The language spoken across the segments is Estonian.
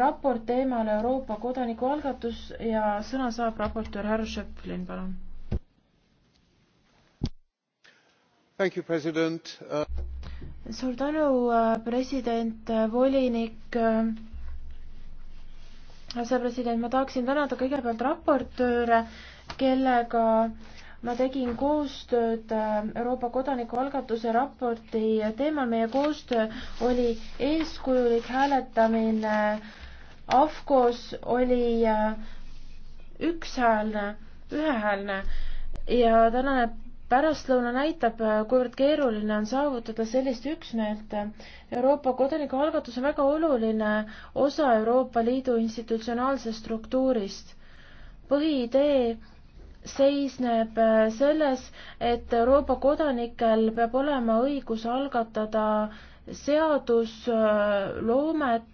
raport teemal Euroopa kodanikualgatus ja sõna saab raportöör härra Schöpflin, palun. Uh, suur tänu, uh, president, uh, volinik, asepresident, ma tahaksin tänada kõigepealt raportööre, kellega ma tegin koostööd Euroopa kodanikualgatuse raporti teemal, meie koostöö oli eeskujulik hääletamine AFCOs oli äh, ükshäälne, ühehäälne ja tänane pärastlõuna näitab, äh, kuivõrd keeruline on saavutada sellist üksmeelt. Euroopa kodanikualgatus on väga oluline osa Euroopa Liidu institutsionaalsest struktuurist. põhiidee seisneb äh, selles, et Euroopa kodanikel peab olema õigus algatada seadusloomet äh,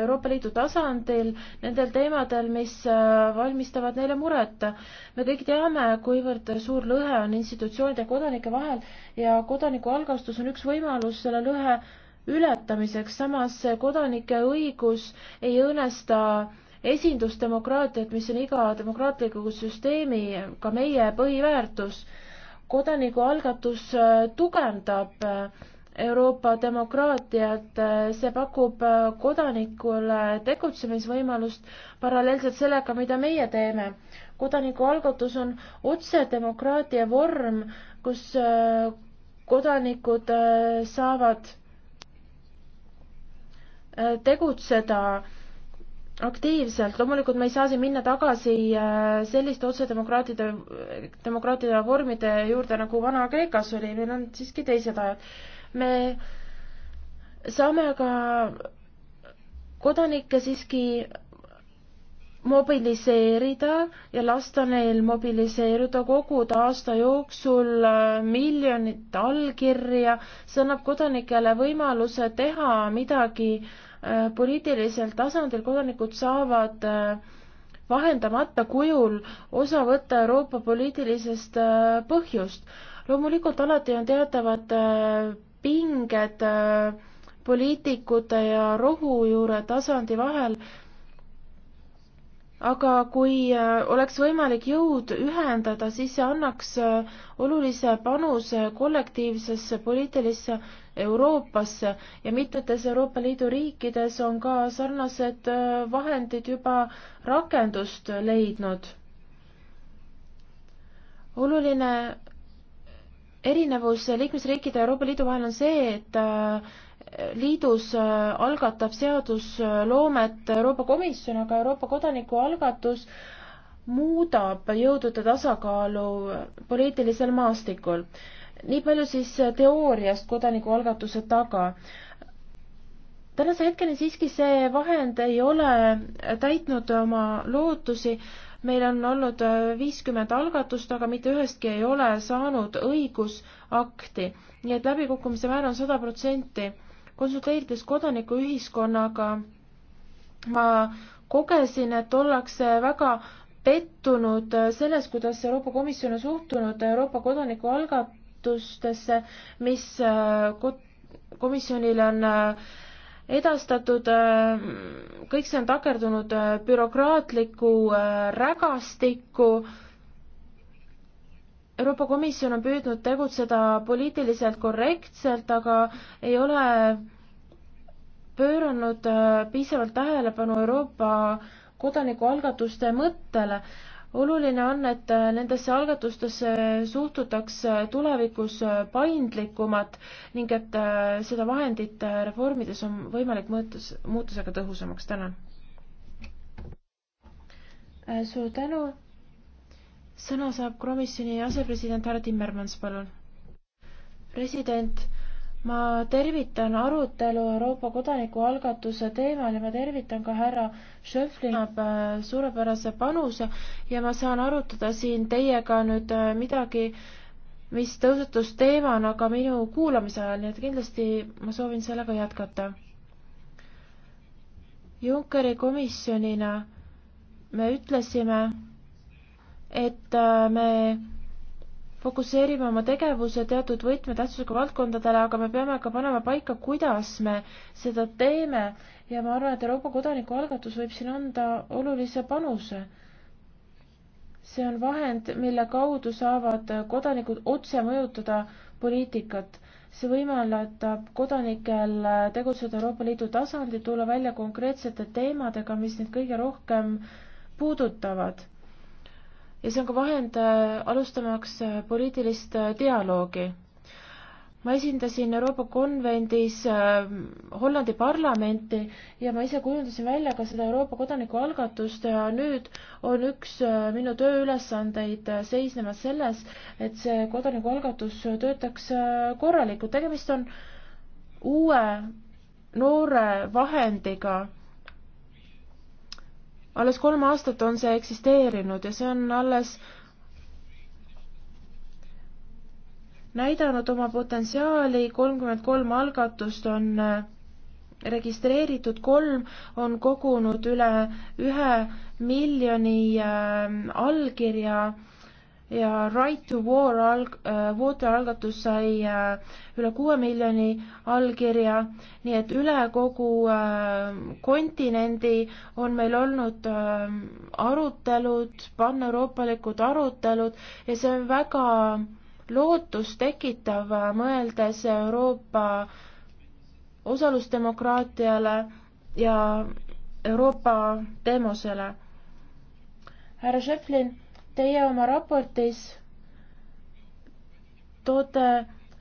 Euroopa Liidu tasandil nendel teemadel, mis äh, valmistavad neile muret. me kõik teame, kuivõrd suur lõhe on institutsioonide ja kodanike vahel ja kodanikualgastus on üks võimalus selle lõhe ületamiseks, samas kodanike õigus ei õõnesta esindusdemokraatiat, mis on iga demokraatliku süsteemi, ka meie põhiväärtus. kodanikualgatus äh, tugevdab Euroopa demokraatiat, see pakub kodanikule tegutsemisvõimalust paralleelselt sellega, mida meie teeme. kodanikualgatus on otsedemokraatia vorm, kus äh, kodanikud äh, saavad äh, tegutseda aktiivselt, loomulikult me ei saa siin minna tagasi selliste otsedemokraatide, demokraatide vormide juurde, nagu Vana-Kreekas oli, meil on siiski teised ajad me saame aga kodanikke siiski mobiliseerida ja lasta neil mobiliseeruda, koguda aasta jooksul äh, miljonit allkirja, see annab kodanikele võimaluse teha midagi äh, poliitilisel tasandil, kodanikud saavad äh, vahendamata kujul osa võtta Euroopa poliitilisest põhjust. loomulikult alati on teatavad pinged äh, poliitikute ja rohujuure tasandi vahel. aga kui äh, oleks võimalik jõud ühendada, siis see annaks äh, olulise panuse kollektiivsesse poliitilisse Euroopasse ja mitmetes Euroopa Liidu riikides on ka sarnased vahendid juba rakendust leidnud. oluline erinevus liikmesriikide ja Euroopa Liidu vahel on see, et äh, liidus äh, algatab seadusloomet Euroopa Komisjon, aga Euroopa kodanikualgatus muudab jõudude tasakaalu poliitilisel maastikul. nii palju siis äh, teooriast kodanikualgatuse taga. tänase hetkeni siiski see vahend ei ole täitnud oma lootusi meil on olnud äh, viiskümmend algatust, aga mitte ühestki ei ole saanud õigusakti, nii et läbikukkumise määr on sada protsenti. konsulteerides kodanikuühiskonnaga, ma kogesin, et ollakse väga pettunud äh, selles, kuidas Euroopa Komisjon on suhtunud Euroopa kodanikualgatustesse, mis äh, komisjonile on äh, edastatud, äh, kõik see on takerdunud äh, bürokraatliku äh, rägastikku. Euroopa Komisjon on püüdnud tegutseda poliitiliselt korrektselt, aga ei ole pööranud piisavalt tähelepanu Euroopa kodanikualgatuste mõttele oluline on, et äh, nendesse algatustesse suhtutaks tulevikus äh, paindlikumalt ning et äh, seda vahendit reformides on võimalik muutus, muutusega tõhusamaks. tänan. suur tänu. sõna saab komisjoni asepresident härra Timmermans, palun. president ma tervitan arutelu Euroopa kodanikualgatuse teemal ja ma tervitan ka härra Schöffli äh, suurepärase panuse ja ma saan arutada siin teiega nüüd äh, midagi, mis tõusetus teemana ka minu kuulamise ajal, nii et kindlasti ma soovin sellega jätkata. Junckeri komisjonina me ütlesime, et äh, me fokusseerime oma tegevuse teatud võtmetähtsusega valdkondadele, aga me peame ka panema paika, kuidas me seda teeme ja ma arvan, et Euroopa kodanikualgatus võib siin anda olulise panuse. see on vahend, mille kaudu saavad kodanikud otse mõjutada poliitikat. see võimaldab kodanikel tegutseda Euroopa Liidu tasandil, tulla välja konkreetsete teemadega, mis neid kõige rohkem puudutavad ja see on ka vahend äh, alustamaks äh, poliitilist äh, dialoogi. ma esindasin Euroopa konvendis Hollandi parlamenti ja ma ise kujundasin välja ka seda Euroopa kodanikualgatust ja nüüd on üks minu tööülesandeid seisnemas selles, et see kodanikualgatus töötaks korralikult, tegemist on uue noore vahendiga alles kolm aastat on see eksisteerinud ja see on alles näidanud oma potentsiaali, kolmkümmend kolm algatust on äh, registreeritud, kolm on kogunud üle ühe miljoni äh, allkirja äh, ja Right to War alg-, äh, Water algatus sai äh, üle kuue miljoni allkirja, nii et üle kogu äh, kontinendi on meil olnud arutelud, paneuroopalikud arutelud ja see on väga lootustekitav, mõeldes Euroopa osalusdemokraatiale ja Euroopa teemusele. härra Šeflin Teie oma raportis toote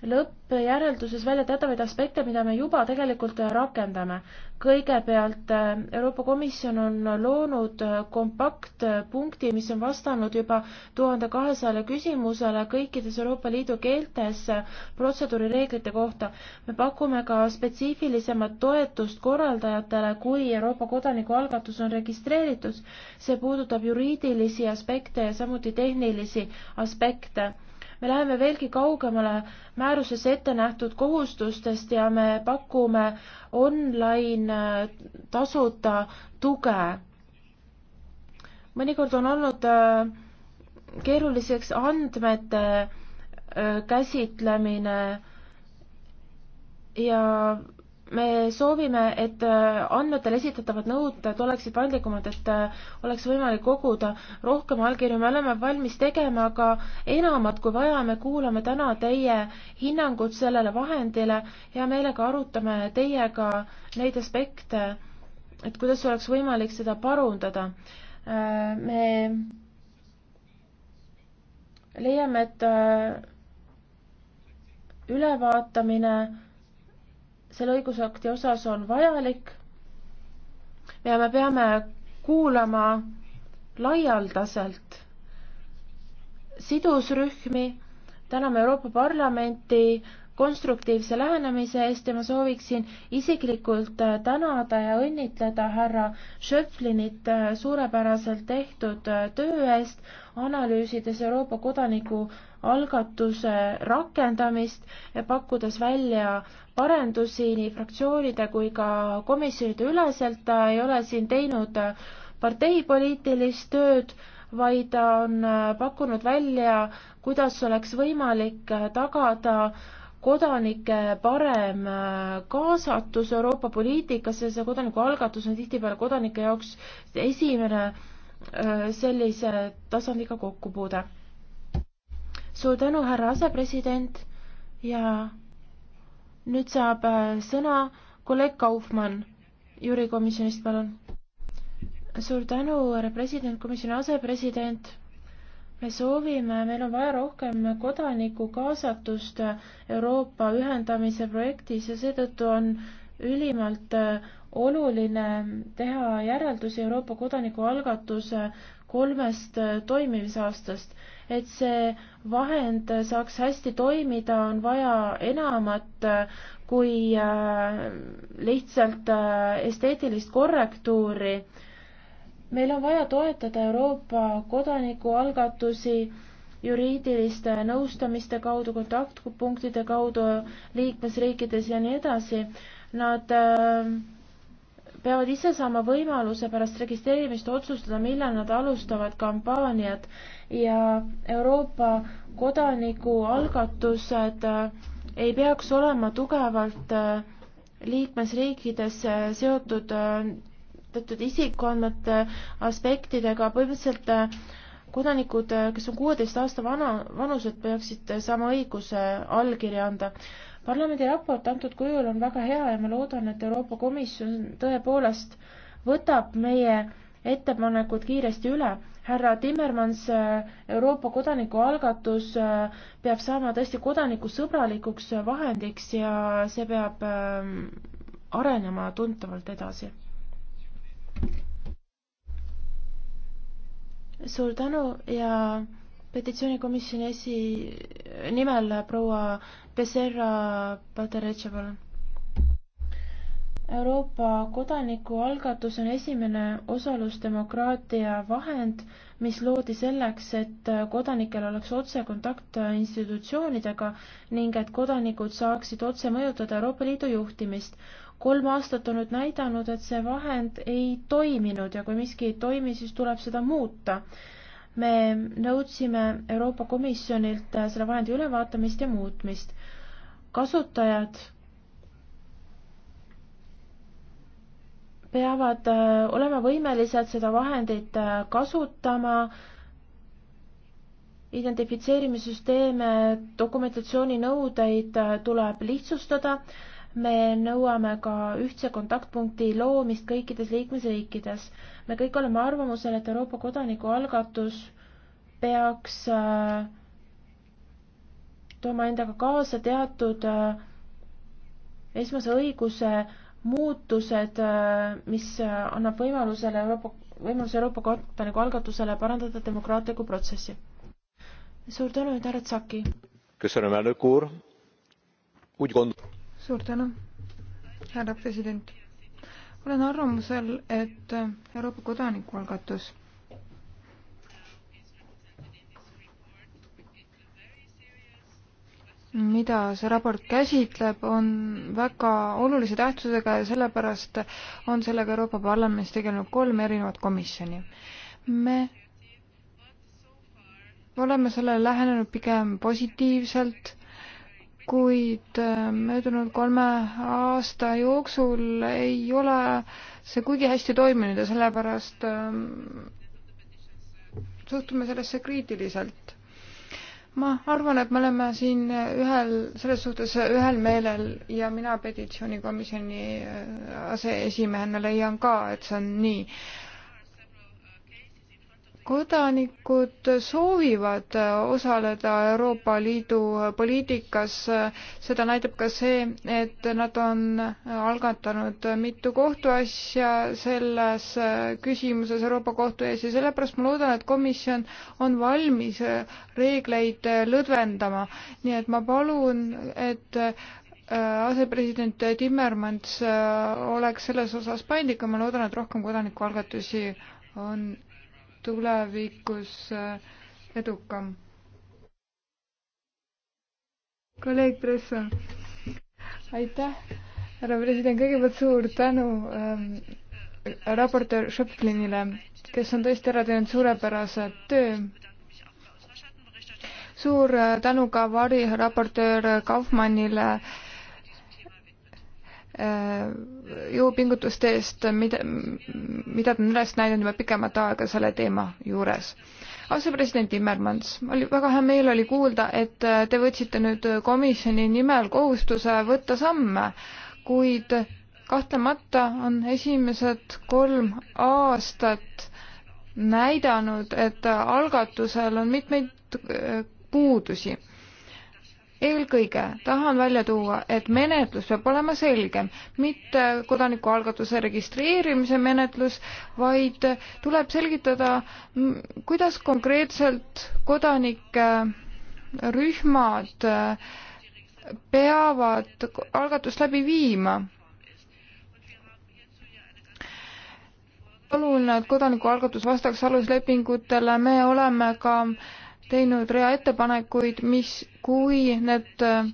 lõppjärelduses välja teatavaid aspekte, mida me juba tegelikult rakendame. kõigepealt äh, Euroopa Komisjon on loonud äh, kompaktpunkti, mis on vastanud juba tuhande kahesajale küsimusele kõikides Euroopa Liidu keeltes äh, protseduurireeglite kohta. me pakume ka spetsiifilisemat toetust korraldajatele, kui Euroopa kodanikualgatus on registreeritud. see puudutab juriidilisi aspekte ja samuti tehnilisi aspekte me läheme veelgi kaugemale määruses ette nähtud kohustustest ja me pakume online äh, tasuta tuge. mõnikord on olnud äh, keeruliseks andmete äh, käsitlemine ja me soovime, et äh, andmetele esitatavad nõuded oleksid paindlikumad, et äh, oleks võimalik koguda rohkem allkirju, me oleme valmis tegema ka enamat, kui vaja, me kuulame täna teie hinnangut sellele vahendile, hea meelega arutame teiega neid aspekte, et kuidas oleks võimalik seda parundada. Äh, me leiame, et ülevaatamine selle õigusakti osas on vajalik ja me peame kuulama laialdaselt sidusrühmi, täname Euroopa Parlamenti konstruktiivse lähenemise eest ja ma sooviksin isiklikult äh, tänada ja õnnitleda härra Schöpflinit äh, suurepäraselt tehtud äh, töö eest, analüüsides Euroopa kodaniku algatuse rakendamist, pakkudes välja parendusi nii fraktsioonide kui ka komisjonide üleselt, ta ei ole siin teinud parteipoliitilist tööd, vaid ta on pakkunud välja, kuidas oleks võimalik tagada kodanike parem kaasatus Euroopa poliitikasse, see kodanikualgatus on tihtipeale kodanike jaoks esimene äh, sellise tasandiga kokkupuude suur tänu, härra asepresident ja nüüd saab äh, sõna kolleeg Kaufmann juurikomisjonist, palun. suur tänu, härra president, komisjoni asepresident. me soovime, meil on vaja rohkem kodaniku kaasatust Euroopa ühendamise projektis ja seetõttu on ülimalt äh, oluline teha järeldusi Euroopa kodanikualgatuse kolmest äh, toimimisaastast et see vahend saaks hästi toimida, on vaja enamat kui äh, lihtsalt äh, esteetilist korrektuuri. meil on vaja toetada Euroopa kodanikualgatusi juriidiliste nõustamiste kaudu, kontaktpunktide kaudu liikmesriikides ja nii edasi. Nad äh, peavad ise saama võimaluse pärast registreerimist otsustada, millal nad alustavad kampaaniat ja Euroopa kodanikualgatused äh, ei peaks olema tugevalt äh, liikmesriikides äh, seotud teatud isikuandmete aspektidega, põhimõtteliselt kodanikud, kes on kuueteist aasta vana, vanused, peaksid saama õiguse allkirja anda. parlamendi raport antud kujul on väga hea ja ma loodan, et Euroopa Komisjon tõepoolest võtab meie ettepanekud kiiresti üle. härra Timmermans, äh, Euroopa kodanikualgatus äh, peab saama tõesti kodanikusõbralikuks äh, vahendiks ja see peab ähm, arenema tuntavalt edasi. suur tänu ja petitsioonikomisjoni esi, nimel proua Becerra Padereche, palun Euroopa kodanikualgatus on esimene osalusdemokraatia vahend, mis loodi selleks, et kodanikel oleks otsekontakt institutsioonidega ning et kodanikud saaksid otse mõjutada Euroopa Liidu juhtimist. kolm aastat on nüüd näidanud, et see vahend ei toiminud ja kui miski ei toimi, siis tuleb seda muuta. me nõudsime Euroopa Komisjonilt selle vahendi ülevaatamist ja muutmist. kasutajad peavad äh, olema võimelised seda vahendit äh, kasutama, identifitseerimissüsteeme, dokumentatsiooninõudeid äh, tuleb lihtsustada, me nõuame ka ühtse kontaktpunkti loomist kõikides liikmesriikides. me kõik oleme arvamusel, et Euroopa kodanikualgatus peaks tooma endaga kaasa teatud esmase õiguse muutused, äh, mis äh, annab võimalusele Euroopa, võimaluse Euroopa kodaniku algatusele parandada demokraatlikku protsessi. suur tänu, nüüd härra Tsaki. suur tänu, härra president. olen arvamusel, et Euroopa kodanikualgatus mida see raport käsitleb, on väga olulise tähtsusega ja sellepärast on sellega Euroopa Parlamendis tegelenud kolm erinevat komisjoni. me oleme sellele lähenenud pigem positiivselt, kuid äh, möödunud kolme aasta jooksul ei ole see kuigi hästi toiminud ja sellepärast ähm, suhtume sellesse kriitiliselt ma arvan, et me oleme siin ühel, selles suhtes ühel meelel ja mina petitsioonikomisjoni äh, aseesimehena leian ka, et see on nii kodanikud soovivad osaleda Euroopa Liidu poliitikas, seda näitab ka see, et nad on algatanud mitu kohtuasja selles küsimuses Euroopa Kohtu ees ja sellepärast ma loodan, et komisjon on valmis reegleid lõdvendama. nii et ma palun, et äh, asepresident Timmermans äh, oleks selles osas paindlik ja ma loodan, et rohkem kodanikualgatusi on tulevikus äh, edukam. kolleeg Presso, aitäh, härra president, kõigepealt suur tänu ähm, raportöör Schöpflinile, kes on tõesti ära teinud suurepärase töö suur äh, tänu ka variraportöör Kaufmannile äh, Äh, jõupingutuste eest, mida, mida ta on üles näidanud juba pikemat aega selle teema juures. asepresident Timmermans, oli väga hea meel oli kuulda, et äh, te võtsite nüüd komisjoni nimel kohustuse võtta samme, kuid kahtlemata on esimesed kolm aastat näidanud, et algatusel on mitmeid äh, puudusi eelkõige tahan välja tuua, et menetlus peab olema selgem, mitte kodanikualgatuse registreerimise menetlus, vaid tuleb selgitada, kuidas konkreetselt kodanike äh, rühmad äh, peavad algatust läbi viima oluline, et kodanikualgatus vastaks aluslepingutele, me oleme ka teinud rea ettepanekuid, mis, kui need äh,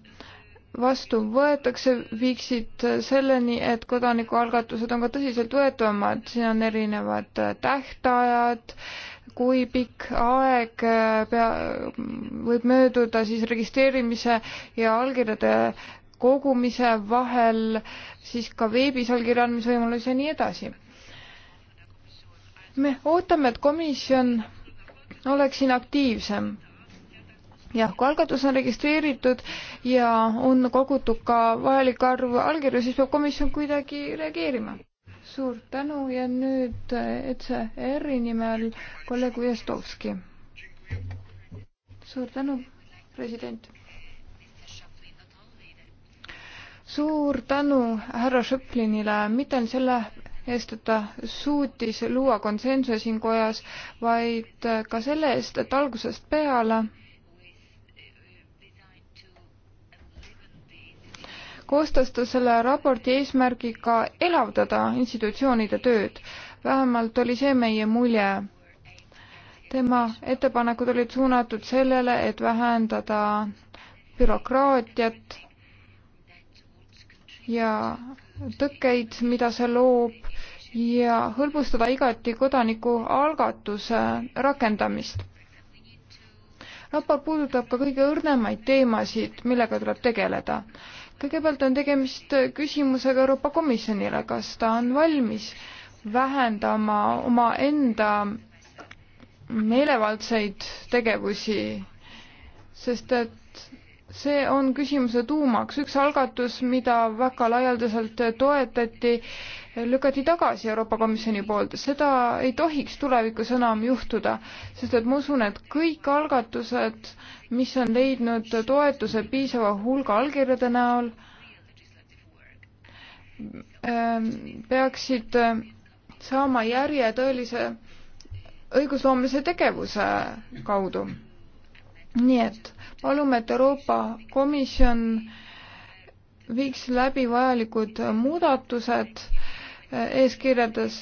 vastu võetakse, viiksid selleni, et kodanikualgatused on ka tõsiseltvõetavamad, siin on erinevad äh, tähtajad, kui pikk aeg äh, pea, võib mööduda siis registreerimise ja allkirjade kogumise vahel, siis ka veebis allkirja andmise võimalus ja nii edasi. me ootame, et komisjon oleksin aktiivsem. jah, kui algatus on registreeritud ja on kogutud ka vajalik arv allkirju, siis peab komisjon kuidagi reageerima. suur tänu ja nüüd ECR-i nimel kolleeg Ujastovski. suur tänu, president. suur tänu härra Šõplinile, mitte selle eest, et ta suutis luua konsensuse siin kojas, vaid ka selle eest, et algusest peale koostas ta selle raporti eesmärgiga elavdada institutsioonide tööd. vähemalt oli see meie mulje. tema ettepanekud olid suunatud sellele, et vähendada bürokraatiat ja tõkkeid, mida see loob ja hõlbustada igati kodanikualgatuse rakendamist. raport puudutab ka kõige õrnemaid teemasid, millega tuleb tegeleda. kõigepealt on tegemist küsimusega Euroopa Komisjonile, kas ta on valmis vähendama omaenda meelevaldseid tegevusi, sest et see on küsimuse tuumaks. üks algatus, mida väga laialdaselt toetati, lükati tagasi Euroopa Komisjoni poolt. seda ei tohiks tulevikus enam juhtuda, sest et ma usun, et kõik algatused, mis on leidnud toetuse piisava hulga allkirjade näol, ähm, peaksid äh, saama järje tõelise õigusloomelise tegevuse kaudu. nii et palume, et Euroopa Komisjon viiks läbi vajalikud muudatused eeskirjades,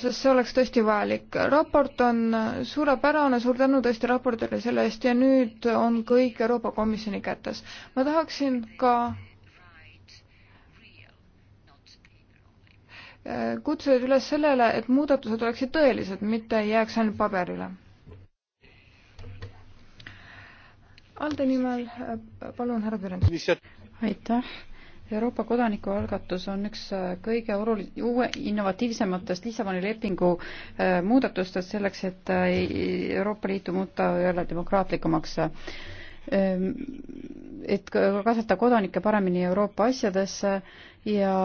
sest see oleks tõesti vajalik. raport on suurepärane, suur tänu tõesti raportile selle eest ja nüüd on kõik Euroopa Komisjoni kätes. ma tahaksin ka kutsuda üles sellele, et muudatused oleksid tõelised, mitte ei jääks ainult paberile. Alde nimel palun, härra Pürens. aitäh Euroopa kodanikualgatus on üks äh, kõige olulis-, uue, innovatiivsematest Lissaboni lepingu äh, muudatustest selleks, et äh, Euroopa Liitu muuta jälle demokraatlikumaks. Ehm, et kaasata kodanikke paremini Euroopa asjadesse ja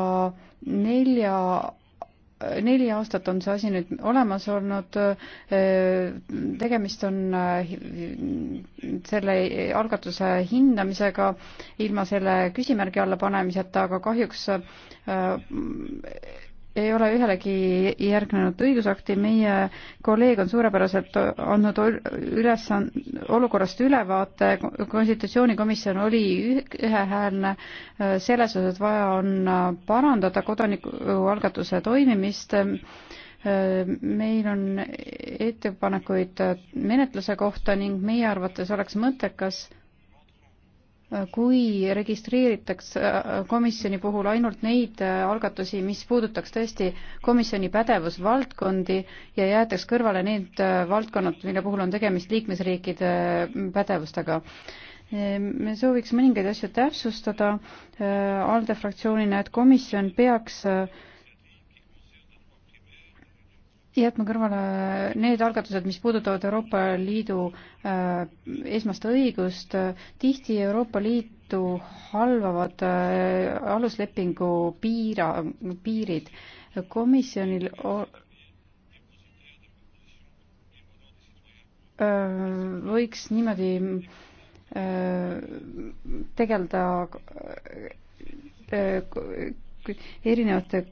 nelja neli aastat on see asi nüüd olemas olnud, tegemist on äh, selle algatuse hindamisega ilma selle küsimärgi alla panemiseta, aga kahjuks äh, ei ole ühelegi järgnenud õigusakti, meie kolleeg on suurepäraselt andnud ülesand-, olukorrast ülevaate, konstitutsioonikomisjon oli ühehäälne äh, selles osas, et vaja on äh, parandada kodanikualgatuse toimimist, äh, meil on ettepanekuid menetluse kohta ning meie arvates oleks mõttekas kui registreeritakse äh, komisjoni puhul ainult neid äh, algatusi, mis puudutaks tõesti komisjoni pädevusvaldkondi ja jäetaks kõrvale need äh, valdkonnad, mille puhul on tegemist liikmesriikide pädevustega. Ehm, me sooviks mõningaid asju täpsustada ALDE fraktsioonina, et komisjon peaks äh, jätma kõrvale need algatused, mis puudutavad Euroopa Liidu äh, esmast õigust. tihti Euroopa Liitu halvavad äh, aluslepingu piira, piirid. komisjonil äh, võiks niimoodi äh, tegeleda äh, erinevate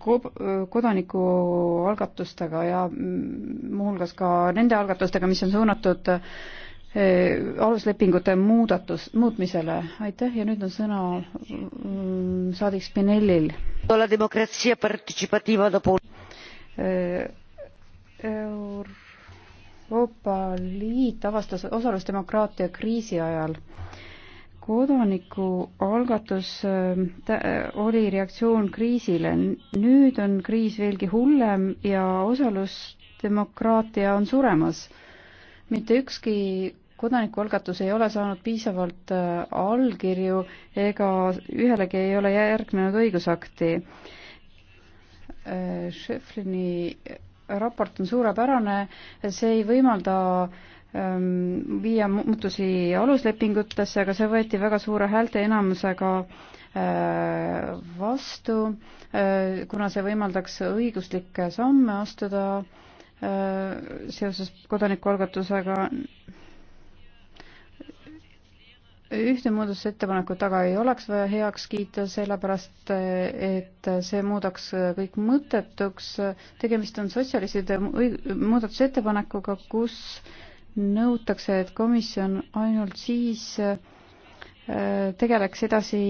kodanikualgatustega ja mm, muuhulgas ka nende algatustega, mis on suunatud eh, aluslepingute muudatus, muutmisele. aitäh ja nüüd on sõna mm, saadik Spinellil. Eh, Euroopa Liit avastas osalusdemokraatia kriisi ajal kodanikualgatus äh, äh, oli reaktsioon kriisile. nüüd on kriis veelgi hullem ja osalusdemokraatia on suremas. mitte ükski kodanikualgatus ei ole saanud piisavalt äh, allkirju ega ühelegi ei ole järgnenud õigusakti. Schäfflini raport on suurepärane, see ei võimalda Ähm, viia muutusi aluslepingutesse, aga see võeti väga suure häälteenamusega äh, vastu, äh, kuna see võimaldaks õiguslikke samme astuda äh, seoses kodanikualgatusega. ühte muudatusettepanekut taga ei oleks vaja heaks kiita, sellepärast et see muudaks kõik mõttetuks. tegemist on sotsialistide muudatusettepanekuga, kus nõutakse, et komisjon ainult siis äh, tegeleks edasi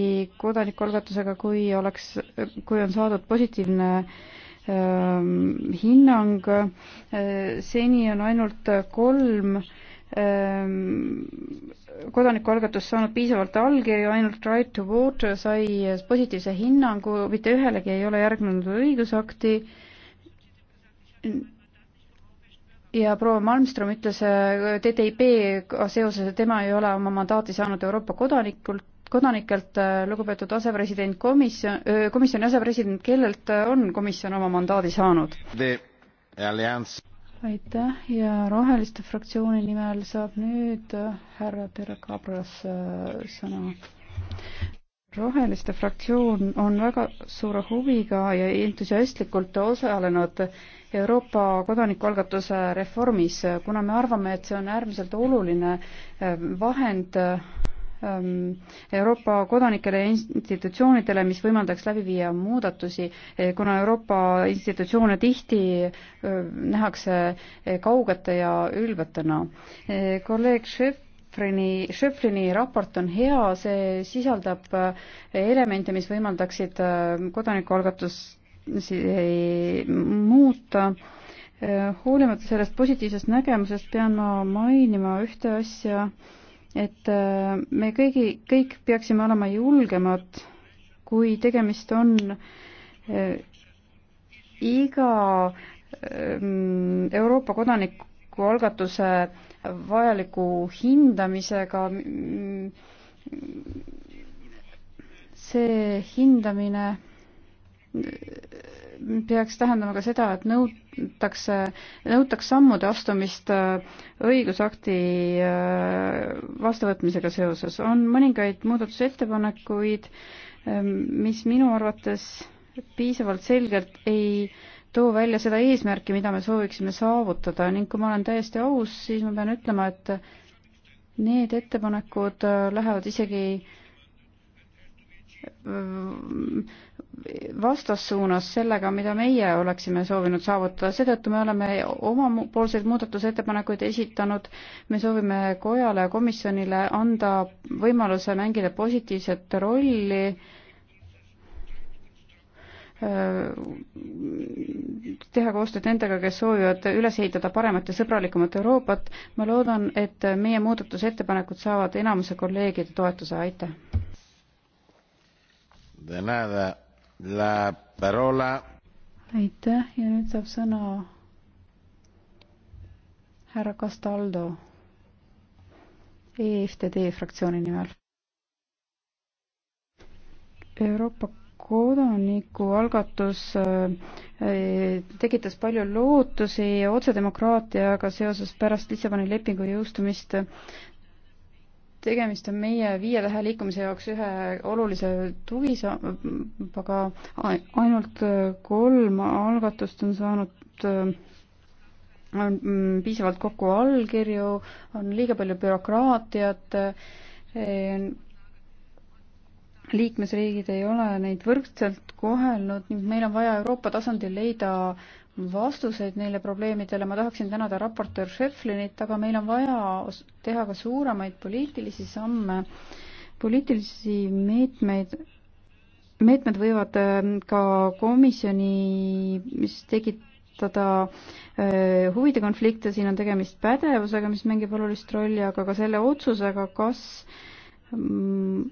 kodanikualgatusega, kui oleks, kui on saadud positiivne ähm, hinnang. Äh, seni on ainult kolm ähm, kodanikualgatus saanud piisavalt allkirju, ainult Right to Water sai positiivse hinnangu, mitte ühelegi ei ole järgnenud õigusakti ja proua Malmström ütles äh, TTIP-ga seoses, et tema ei ole oma mandaati saanud Euroopa kodanikult, kodanikelt, äh, lugupeetud asepresident komisjon, äh, komisjoni asepresident, kellelt on komisjon oma mandaadi saanud? aitäh ja Roheliste fraktsiooni nimel saab nüüd härra Tere Kabras sõna roheliste fraktsioon on väga suure huviga ja entusiastlikult osalenud Euroopa kodanikualgatuse reformis, kuna me arvame, et see on äärmiselt oluline ehm, vahend ehm, Euroopa kodanikele ja institutsioonidele, mis võimaldaks läbi viia muudatusi, eh, kuna Euroopa institutsioone tihti ehm, nähakse eh, kaugete ja ülbetena. Eh, kolleeg Šef Schöpfrini, Schöpfrini raport on hea, see sisaldab äh, elemente, mis võimaldaksid äh, kodanikualgatusi äh, muuta. hoolimata sellest positiivsest nägemusest pean ma mainima ühte asja, et me kõigi, kõik peaksime olema julgemad, kui tegemist on iga Euroopa kodaniku avaliku algatuse vajaliku hindamisega. see hindamine peaks tähendama ka seda, et nõutakse, nõutakse sammude astumist õigusakti vastuvõtmisega seoses. on mõningaid muudatusettepanekuid, mis minu arvates piisavalt selgelt ei too välja seda eesmärki, mida me sooviksime saavutada ning kui ma olen täiesti aus, siis ma pean ütlema, et need ettepanekud lähevad isegi äh, vastassuunas sellega, mida meie oleksime soovinud saavutada, seetõttu me oleme omapoolseid muudatusettepanekuid esitanud, me soovime kojale ja komisjonile anda võimaluse mängida positiivset rolli äh, teha koostööd nendega, kes soovivad üles ehitada paremat ja sõbralikumat Euroopat. ma loodan, et meie muudatusettepanekud saavad enamuse kolleegide toetuse, aitäh. aitäh ja nüüd saab sõna härra Castaldo EFTD fraktsiooni nimel. Euroopa kodanikualgatus äh, tekitas palju lootusi otsedemokraatiaga seoses pärast Lissaboni lepingu jõustumist. tegemist on meie viie tähe liikumise jaoks ühe olulise tugisambaga, ainult kolm algatust on saanud äh, on piisavalt kokku allkirju, on liiga palju bürokraatiat, äh, liikmesriigid ei ole neid võrdselt kohelnud ning meil on vaja Euroopa tasandil leida vastuseid neile probleemidele, ma tahaksin tänada raportöör Šeflinit, aga meil on vaja teha ka suuremaid poliitilisi samme, poliitilisi meetmeid, meetmed võivad ähm, ka komisjonis tekitada äh, huvide konflikte, siin on tegemist pädevusega, mis mängib olulist rolli, aga ka selle otsusega, kas äh, Mm,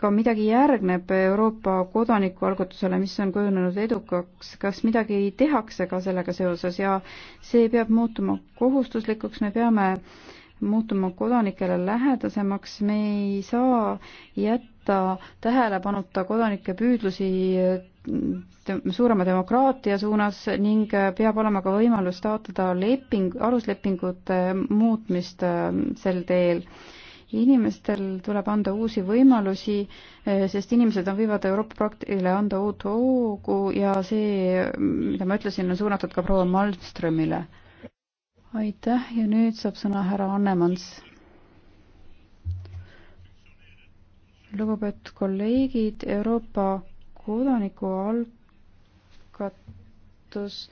ka midagi järgneb Euroopa kodanikualgatusele, mis on kujunenud edukaks, kas midagi tehakse ka sellega seoses ja see peab muutuma kohustuslikuks, me peame muutuma kodanikele lähedasemaks, me ei saa jätta tähelepanuta kodanike püüdlusi suurema demokraatia suunas ning peab olema ka võimalus taotleda leping, aluslepingute muutmist äh, sel teel inimestel tuleb anda uusi võimalusi, eh, sest inimesed on, võivad Euroopa projektile anda uut hoogu ja see, mida ma ütlesin, on suunatud ka proua Malmströmile. aitäh ja nüüd saab sõna härra Annemans. lugupeetud kolleegid, Euroopa kodanikualgatus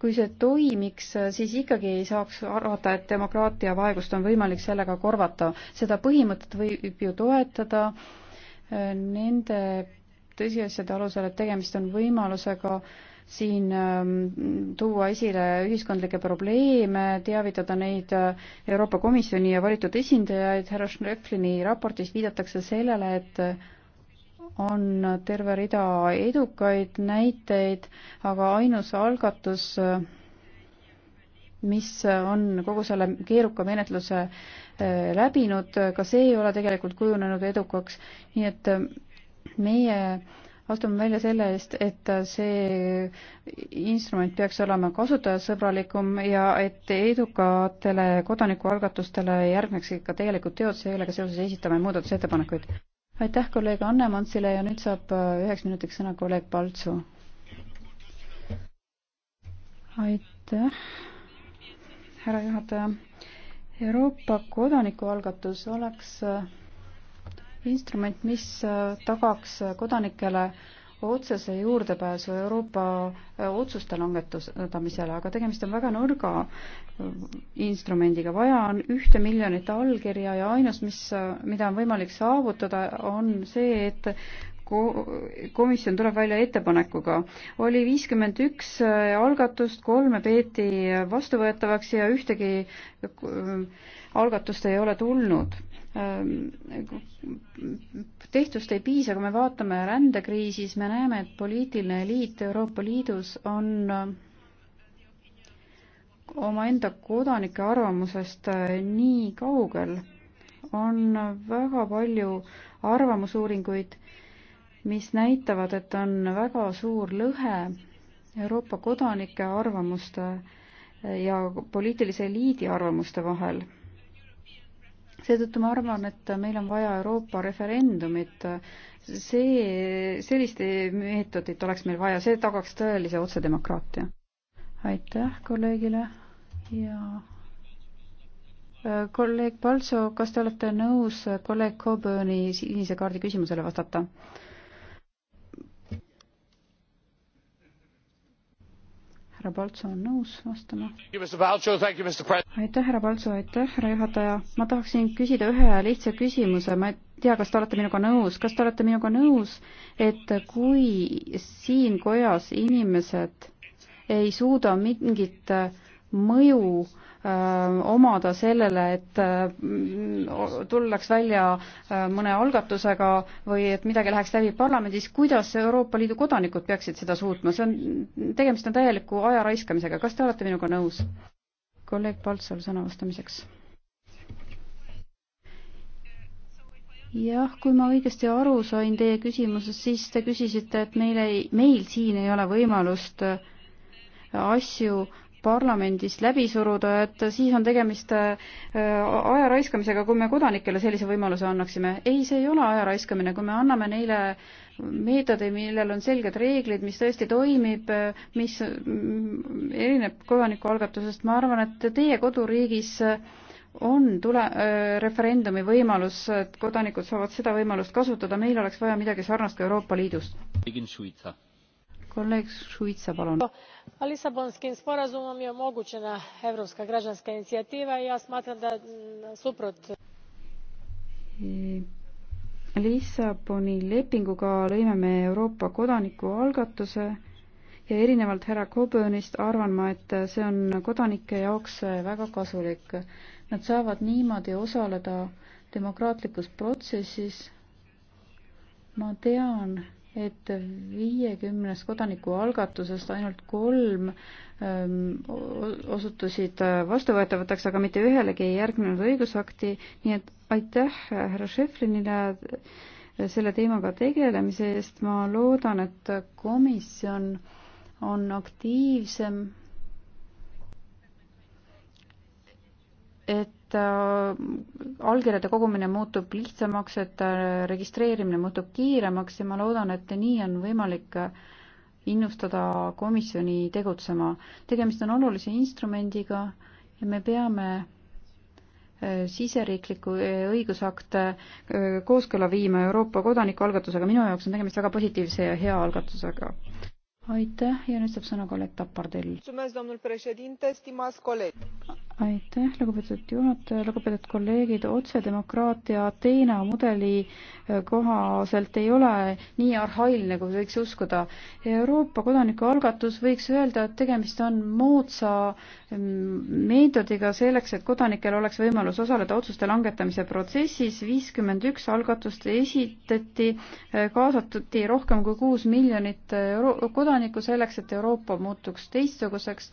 kui see toimiks, siis ikkagi ei saaks arvata, et demokraatia vaegust on võimalik sellega korvata. seda põhimõtet võib ju toetada äh, nende tõsiasjade alusel, et tegemist on võimalusega siin ähm, tuua esile ühiskondlikke probleeme, teavitada neid äh, Euroopa Komisjoni ja valitud esindajaid, härra Schröflini raportis viidatakse sellele, et on terve rida edukaid näiteid, aga ainus algatus, mis on kogu selle keeruka menetluse eh, läbinud, ka see ei ole tegelikult kujunenud edukaks, nii et eh, meie astume välja selle eest, et see instrument peaks olema kasutajasõbralikum ja et edukatele kodanikualgatustele järgneksid ka tegelikult teod, sellega seoses esitame muudatusettepanekuid aitäh kolleeg Annemantsile ja nüüd saab äh, üheks minutiks sõna kolleeg Paltsu. aitäh, härra juhataja. Euroopa kodanikualgatus oleks äh, instrument, mis äh, tagaks kodanikele äh, otsese juurdepääsu Euroopa äh, otsuste langetamisele, aga tegemist on väga nõrga äh, instrumendiga. vaja on ühte miljonit allkirja ja ainus, mis, äh, mida on võimalik saavutada, on see, et komisjon tuleb välja ettepanekuga. oli viiskümmend üks algatust, kolme peeti vastuvõetavaks ja ühtegi algatust ei ole tulnud Ehm, tehtust ei piisa, kui me vaatame rändekriisi, siis me näeme, et poliitiline eliit Euroopa Liidus on äh, omaenda kodanike arvamusest äh, nii kaugel, on väga palju arvamusuuringuid, mis näitavad, et on väga suur lõhe Euroopa kodanike arvamuste äh, ja poliitilise eliidi arvamuste vahel seetõttu ma arvan, et meil on vaja Euroopa referendumit. see, sellist meetodit oleks meil vaja, see tagaks tõelise otsedemokraatia. aitäh kolleegile ja äh, kolleeg Paltso, kas te olete nõus kolleeg Coburni sinise kaardi küsimusele vastata? härra Paltso on nõus vastama. aitäh, härra Paltso, aitäh, härra juhataja. ma tahaksin küsida ühe lihtsa küsimuse, ma ei tea, kas te olete minuga nõus, kas te olete minuga nõus, et kui siin kojas inimesed ei suuda mingit mõju äh, Ähm, omada sellele, et äh, tullaks välja äh, mõne algatusega või et midagi läheks läbi parlamendis, kuidas Euroopa Liidu kodanikud peaksid seda suutma, see on, tegemist on täieliku aja raiskamisega, kas te olete minuga nõus? kolleeg Paltsal sõna vastamiseks. jah, kui ma õigesti aru sain teie küsimusest, siis te küsisite, et meil ei, meil siin ei ole võimalust äh, asju parlamendis läbi suruda, et siis on tegemist äh, aja raiskamisega, kui me kodanikele sellise võimaluse annaksime. ei, see ei ole aja raiskamine, kui me anname neile meetodi, millel on selged reeglid, mis tõesti toimib, mis erineb kodanikualgatusest, ma arvan, et teie koduriigis on tule-, äh, referendumi võimalus, et kodanikud saavad seda võimalust kasutada, meil oleks vaja midagi sarnast ka Euroopa Liidus kolleeg Šuitsa, palun. Lisabonskim sporazumom je omogućena europska građanska inicijativa i ja smatram da mm, suprot. E, Lissaboni lepinguga lõime me Euroopa kodanikualgatuse ja erinevalt härra Coburnist arvan ma, et see on kodanike jaoks väga kasulik. Nad saavad niimoodi osaleda demokraatlikus protsessis. ma tean, et viiekümnest kodanikualgatusest ainult kolm ähm, osutusid äh, vastuvõetavateks, aga mitte ühelegi ei järgnenud õigusakti, nii et aitäh äh, härra Šeflinile äh, selle teemaga tegelemise eest, ma loodan, et komisjon on aktiivsem et äh, allkirjade kogumine muutub lihtsamaks, et äh, registreerimine muutub kiiremaks ja ma loodan, et nii on võimalik äh, innustada komisjoni tegutsema. tegemist on olulise instrumendiga ja me peame siseriikliku õigusakte kooskõla viima Euroopa kodanikualgatusega. minu jaoks on tegemist väga positiivse ja hea algatusega. aitäh ja nüüd saab sõna kolleeg Tappar Tell aitäh, lugupeetud juhataja, lugupeetud kolleegid, otsedemokraatia Ateena mudeli eh, kohaselt ei ole nii arhailine, kui võiks uskuda. Euroopa kodanikualgatus võiks öelda, et tegemist on moodsa mm, meetodiga selleks, et kodanikel oleks võimalus osaleda otsuste langetamise protsessis. viiskümmend üks algatust esitati, eh, kaasatuti rohkem kui kuus miljonit eh, euro-, kodanikku selleks, et Euroopa muutuks teistsuguseks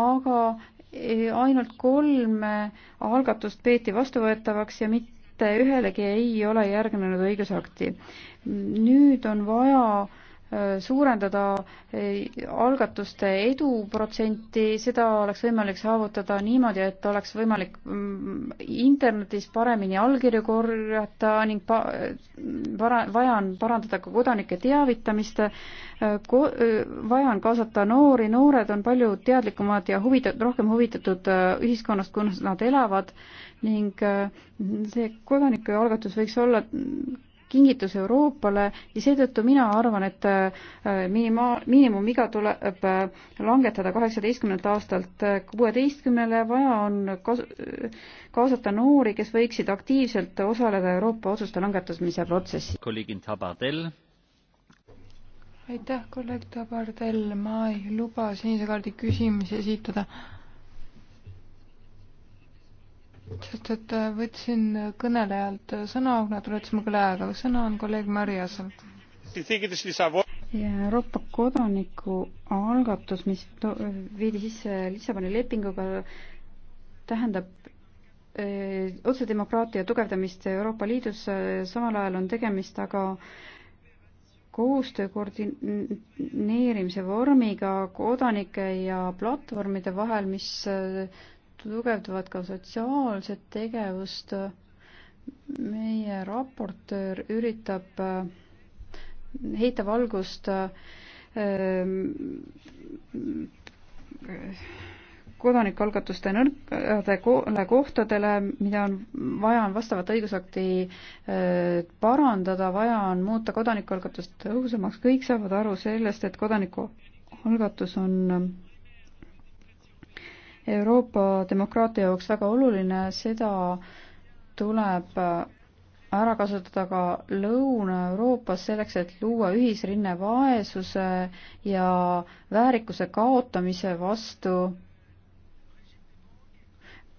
aga ainult kolm algatust peeti vastuvõetavaks ja mitte ühelegi ei ole järgnenud õigusakti. nüüd on vaja suurendada eh, algatuste eduprotsenti, seda oleks võimalik saavutada niimoodi, et oleks võimalik mm, internetis paremini allkirju korjata ning pa-, para-, vaja on parandada ka kodanike teavitamist, eh, ko-, eh, vaja on kaasata noori, noored on palju teadlikumad ja huvita-, rohkem huvitatud ühiskonnast, kus nad elavad ning see kodanikualgatus võiks olla kingitus Euroopale ja seetõttu mina arvan, et äh, minima-, miinimumiga tuleb äh, langetada kaheksateistkümnelt aastalt äh, kuueteistkümnele, vaja on kas-, kaasata noori, kes võiksid aktiivselt osaleda Euroopa otsuste langetamise protsessi. kolleegin Tabardel aitäh, kolleeg Tabardell, ma ei luba sinise kaardi küsimusi esitada, sest et äh, võtsin kõnelejalt sõna, kuna tuletasime kõne aega, sõna on kolleeg Mariasel. ja Euroopa kodanikualgatus, mis viidi sisse Lissaboni lepinguga, tähendab äh, otsedemokraatia tugevdamist Euroopa Liidus, äh, samal ajal on tegemist aga koostöö koordineerimise vormiga kodanike ja platvormide vahel, mis tugevdavad ka sotsiaalset tegevust. meie raportöör üritab äh, heita valgust äh, kodanikualgatuste nõrkadele kohtadele, mida on, vaja on vastavat õigusakti äh, parandada, vaja on muuta kodanikualgatust tõhusamaks, kõik saavad aru sellest, et kodanikualgatus on Euroopa demokraatia jaoks väga oluline, seda tuleb ära kasutada ka Lõuna-Euroopas selleks, et luua ühisrinne vaesuse ja väärikuse kaotamise vastu,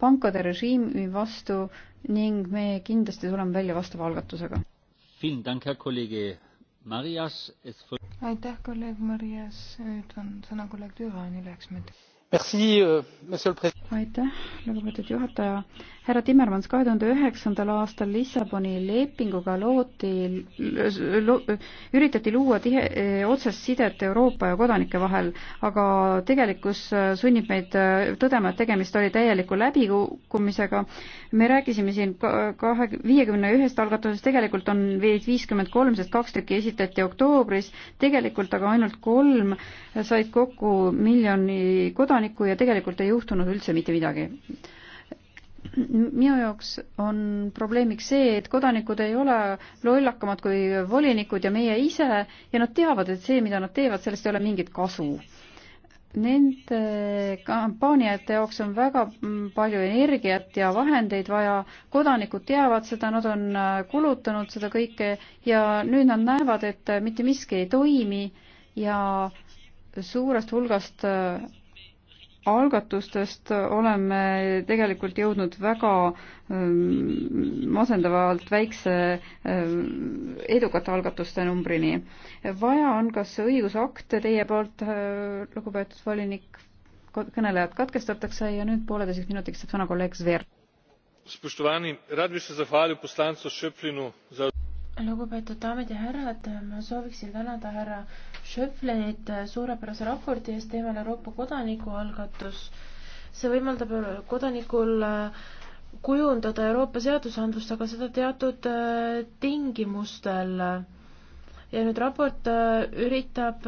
pankade režiimi vastu ning me kindlasti tuleme välja vastava algatusega. aitäh, kolleeg Marias, nüüd on sõna kolleeg Düranile, eks me. Euh, aitäh, lugupeetud juhataja härra Timmermans, kahe tuhande üheksandal aastal Lissaboni lepinguga loodi lo,, üritati luua tihe, otsest sidet Euroopa ja kodanike vahel, aga tegelikkus sunnib meid tõdema, et tegemist oli täieliku läbikukkumisega. me rääkisime siin kahe, viiekümne ühest algatusest, tegelikult on veid viiskümmend kolm, sest kaks tükki esitati oktoobris, tegelikult aga ainult kolm said kokku miljoni kodanikku ja tegelikult ei juhtunud üldse mitte midagi minu jaoks on probleemiks see, et kodanikud ei ole lollakamad kui volinikud ja meie ise ja nad teavad, et see, mida nad teevad, sellest ei ole mingit kasu. Nende kampaaniate jaoks on väga mm, palju energiat ja vahendeid vaja, kodanikud teavad seda, nad on äh, kulutanud seda kõike ja nüüd nad näevad, et mitte miski ei toimi ja suurest hulgast äh, algatustest oleme tegelikult jõudnud väga ähm, masendavalt väikse ähm, edukate algatuste numbrini. vaja on kas õigusakte teie poolt, äh, lugupeetud volinik, kõnelejad katkestatakse ja nüüd pooleteiseks minutiks saab sõna kolleeg Zver lugupeetud daamid ja härrad, ma sooviksin tänada härra Schöflinit suurepärase raporti eest teemal Euroopa kodanikualgatus. see võimaldab kodanikul äh, kujundada Euroopa seadusandlust, aga seda teatud äh, tingimustel. ja nüüd raport äh, üritab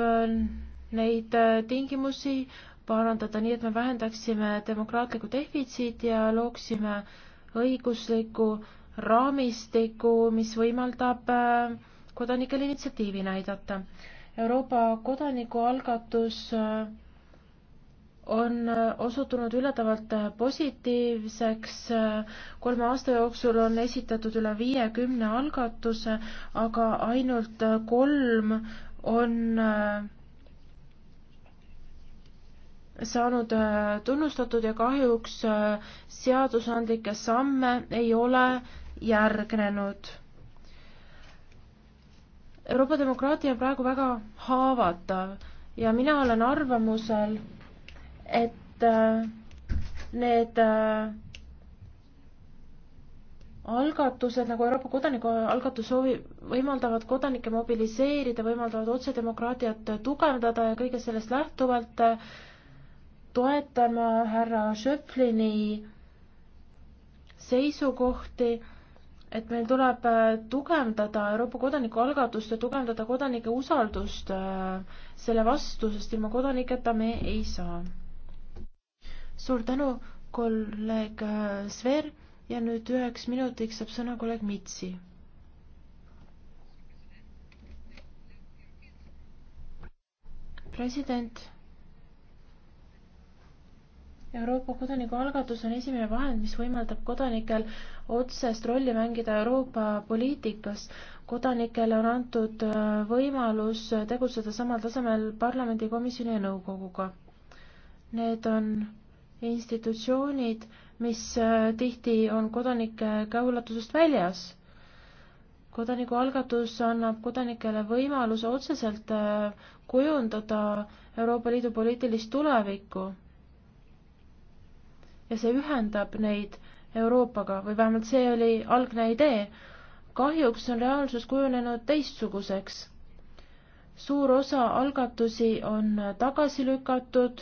neid tingimusi parandada nii, et me vähendaksime demokraatlikku defitsiiti ja looksime õigusliku raamistiku, mis võimaldab äh, kodanikel initsiatiivi näidata. Euroopa kodanikualgatus äh, on äh, osutunud üllatavalt positiivseks. kolme aasta jooksul on esitatud üle viiekümne algatuse, aga ainult kolm on saanud tunnustatud ja kahjuks seadusandlikke samme ei ole järgnenud. Euroopa demokraatia on praegu väga haavatav ja mina olen arvamusel, et äh, need äh, algatused nagu Euroopa kodanikualgatus soovi, võimaldavad kodanikke mobiliseerida, võimaldavad otsedemokraatiat tugevdada ja kõigest sellest lähtuvalt äh, toetan ma härra Schöpflini seisukohti et meil tuleb äh, tugevdada Euroopa kodanikualgatust ja tugevdada kodanike usaldust äh, selle vastu, sest ilma kodaniketa me ei saa. suur tänu, kolleeg äh, Sver ja nüüd üheks minutiks saab sõna kolleeg Mitsi. president Euroopa kodanikualgatus on esimene vahend, mis võimaldab kodanikel otsest rolli mängida Euroopa poliitikas. kodanikele on antud äh, võimalus tegutseda samal tasemel parlamendi, komisjoni ja nõukoguga. Need on institutsioonid, mis äh, tihti on kodanike käeulatusest väljas. kodanikualgatus annab kodanikele võimaluse otseselt äh, kujundada Euroopa Liidu poliitilist tulevikku ja see ühendab neid Euroopaga või vähemalt see oli algne idee. kahjuks on reaalsus kujunenud teistsuguseks. suur osa algatusi on tagasi lükatud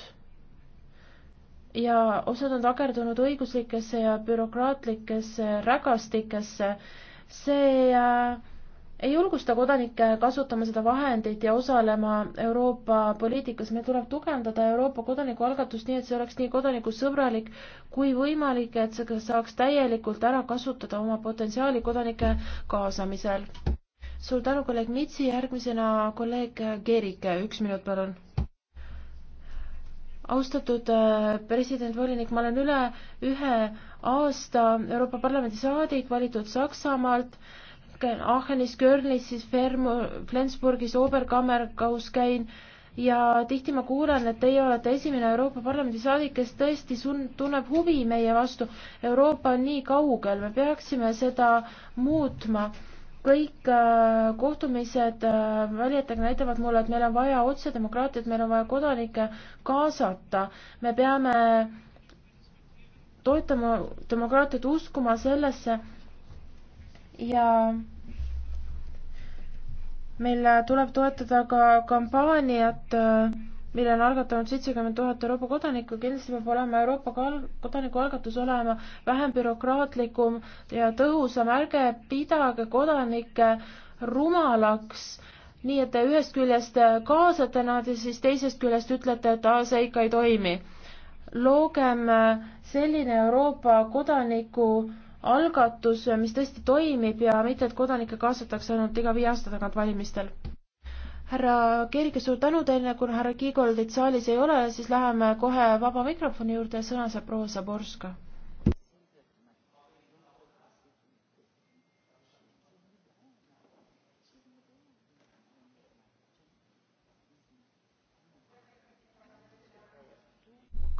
ja osad on takerdunud õiguslikesse ja bürokraatlikesse rägastikesse. see äh, ei julgusta kodanikke kasutama seda vahendit ja osalema Euroopa poliitikas. meil tuleb tugevdada Euroopa kodanikualgatust nii, et see oleks nii kodanikusõbralik kui võimalik, et seda saaks täielikult ära kasutada oma potentsiaali kodanike kaasamisel. suur tänu, kolleeg Mitsi, järgmisena kolleeg Gerike, üks minut, palun austatud äh, president volinik, ma olen üle ühe aasta Euroopa Parlamendi saadik, valitud Saksamaalt Aachenis, Kölnis, siis Fermo-, Flensburgis, Oberkammergaus käin ja tihti ma kuulen, et teie olete esimene Euroopa Parlamendi saadik, kes tõesti sun-, tunneb huvi meie vastu. Euroopa on nii kaugel, me peaksime seda muutma. kõik äh, kohtumised äh, valijatega näitavad mulle, et meil on vaja otsedemokraatiat, meil on vaja kodanikke kaasata, me peame toetama demokraatiat, uskuma sellesse, ja meil tuleb toetada ka kampaaniat, mille on algatanud seitsekümmend tuhat Euroopa kodanikku, kindlasti peab olema Euroopa kodanikualgatus olema vähem bürokraatlikum ja tõhusam, ärge pidage kodanikke rumalaks, nii et te ühest küljest kaasate nad ja siis teisest küljest ütlete, et aa, see ikka ei toimi. loogem selline Euroopa kodaniku algatus, mis tõesti toimib ja mitte, et kodanikke kaasatakse ainult iga viie aasta tagant valimistel. härra Kerge, suur tänu teile, kuna härra Kiigol teid saalis ei ole, siis läheme kohe vaba mikrofoni juurde, sõna saab proua Zaborska.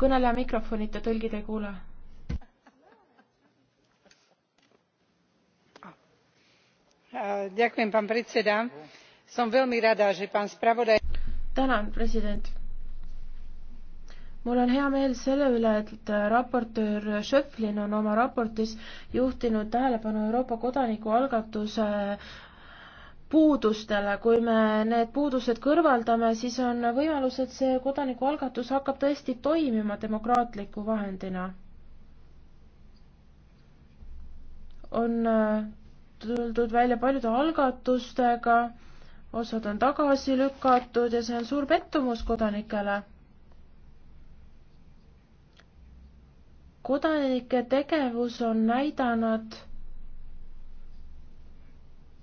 kõneleja mikrofonita, tõlgid ei kuule som veľmi rada že pán spravodaj. mul on hea meel selle üle et raportöör schöpflin on oma raportis juhtinud tähelepanu euroopa kodanikualgatuse puudustele, kui me need puudused kõrvaldame, siis on võimalus, et see kodanikualgatus hakkab tõesti toimima demokraatliku vahendina. on tuldud välja paljude algatustega, osad on tagasi lükatud ja see on suur pettumus kodanikele. kodanike tegevus on näidanud,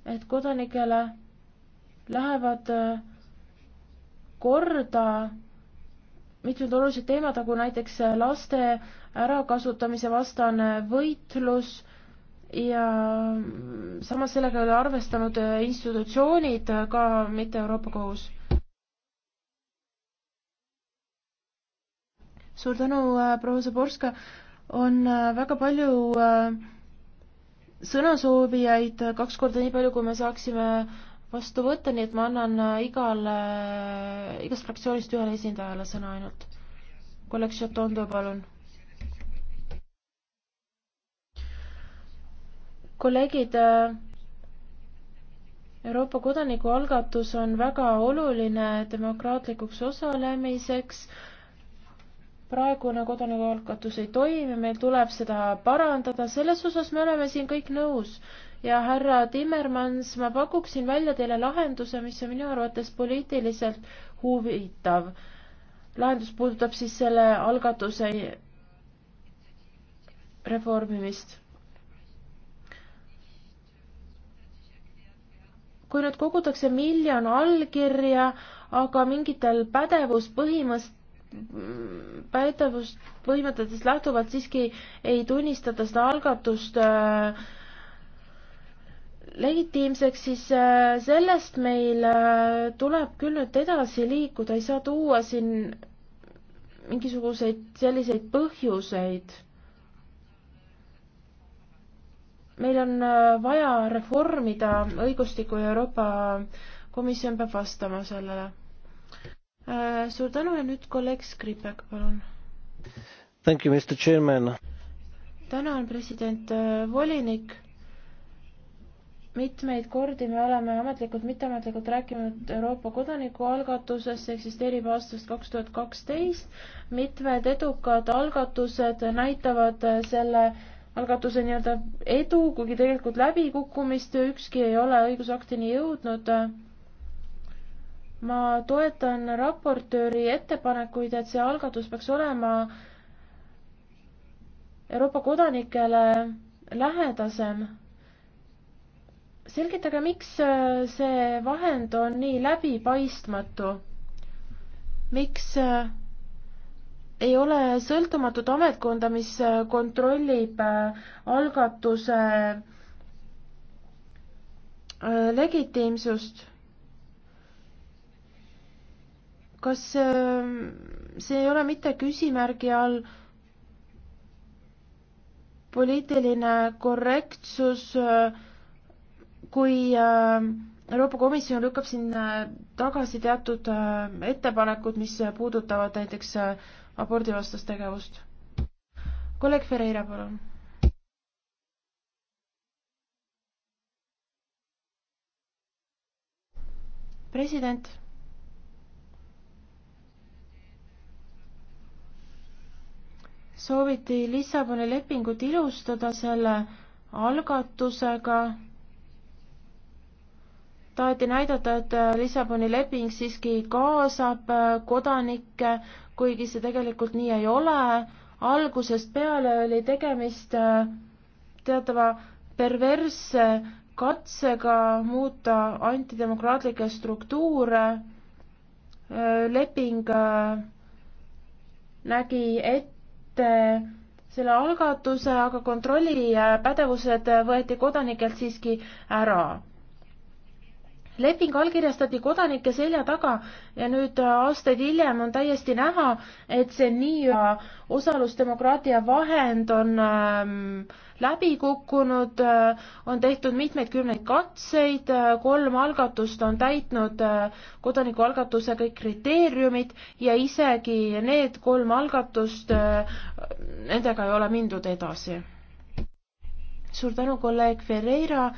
et kodanikele lähevad äh, korda mitmed olulised teemad, nagu näiteks laste ärakasutamise vastane võitlus ja samas sellega ei ole arvestanud äh, institutsioonid, äh, ka mitte Euroopa Kohus. suur tänu, äh, proua Zaborska, on väga palju sõnasoovijaid, kaks korda nii palju, kui me saaksime vastu võtta, nii et ma annan igale, igast fraktsioonist ühele esindajale sõna ainult. kolleeg Chateau, palun kolleegid, äh, Euroopa kodanikualgatus on väga oluline demokraatlikuks osalemiseks. praegune nagu kodanikualgatus ei toimi, meil tuleb seda parandada, selles osas me oleme siin kõik nõus. ja härra Timmermans, ma pakuksin välja teile lahenduse, mis on minu arvates poliitiliselt huvitav. lahendus puudutab siis selle algatuse reformimist kui nüüd kogutakse miljon allkirja, aga mingitel pädevuspõhimõttest pädevust põhimõtetest lähtuvalt siiski ei tunnistada seda algatust äh, legitiimseks, siis äh, sellest meil äh, tuleb küll nüüd edasi liikuda, ei saa tuua siin mingisuguseid selliseid põhjuseid meil on äh, vaja reformida õigustikku ja Euroopa Komisjon peab vastama sellele. Äh, suur tänu ja nüüd kolleeg Skripek, palun. Thank you, Mr Chairman. tänan, president, äh, volinik mitmeid kordi me oleme ametlikult, mitteametlikult rääkinud Euroopa kodanikualgatusest, see eksisteerib aastast kaks tuhat kaksteist. mitmed edukad algatused näitavad selle algatuse nii-öelda edu, kuigi tegelikult läbikukkumist ükski ei ole õigusaktini jõudnud. ma toetan raportööri ettepanekuid, et see algatus peaks olema Euroopa kodanikele lähedasem. selgitage, miks see vahend on nii läbipaistmatu? miks äh, ei ole sõltumatut ametkonda, mis äh, kontrollib äh, algatuse äh, legitiimsust. kas see ei ole mitte küsimärgi all poliitiline korrektsus, kui Euroopa Komisjon lükkab siin tagasi teatud ettepanekud, mis puudutavad näiteks äh, abordivastast tegevust. kolleeg Ferreira, palun. president. sooviti Lissaboni lepingut ilustada selle algatusega taheti näidata, et äh, Lissaboni leping siiski kaasab äh, kodanikke, kuigi see tegelikult nii ei ole. algusest peale oli tegemist äh, teatava perversse katsega muuta antidemokraatlikke struktuure. leping nägi ette selle algatuse, aga kontrollipädevused võeti kodanikelt siiski ära leping allkirjastati kodanike selja taga ja nüüd äh, aastaid hiljem on täiesti näha, et see nii-öelda osalusdemokraatia vahend on ähm, läbi kukkunud äh,, on tehtud mitmeid kümneid katseid äh,, kolm algatust on täitnud äh, kodanikualgatuse kõik kriteeriumid ja isegi need kolm algatust äh,, nendega ei ole mindud edasi. suur tänu, kolleeg Ferreira,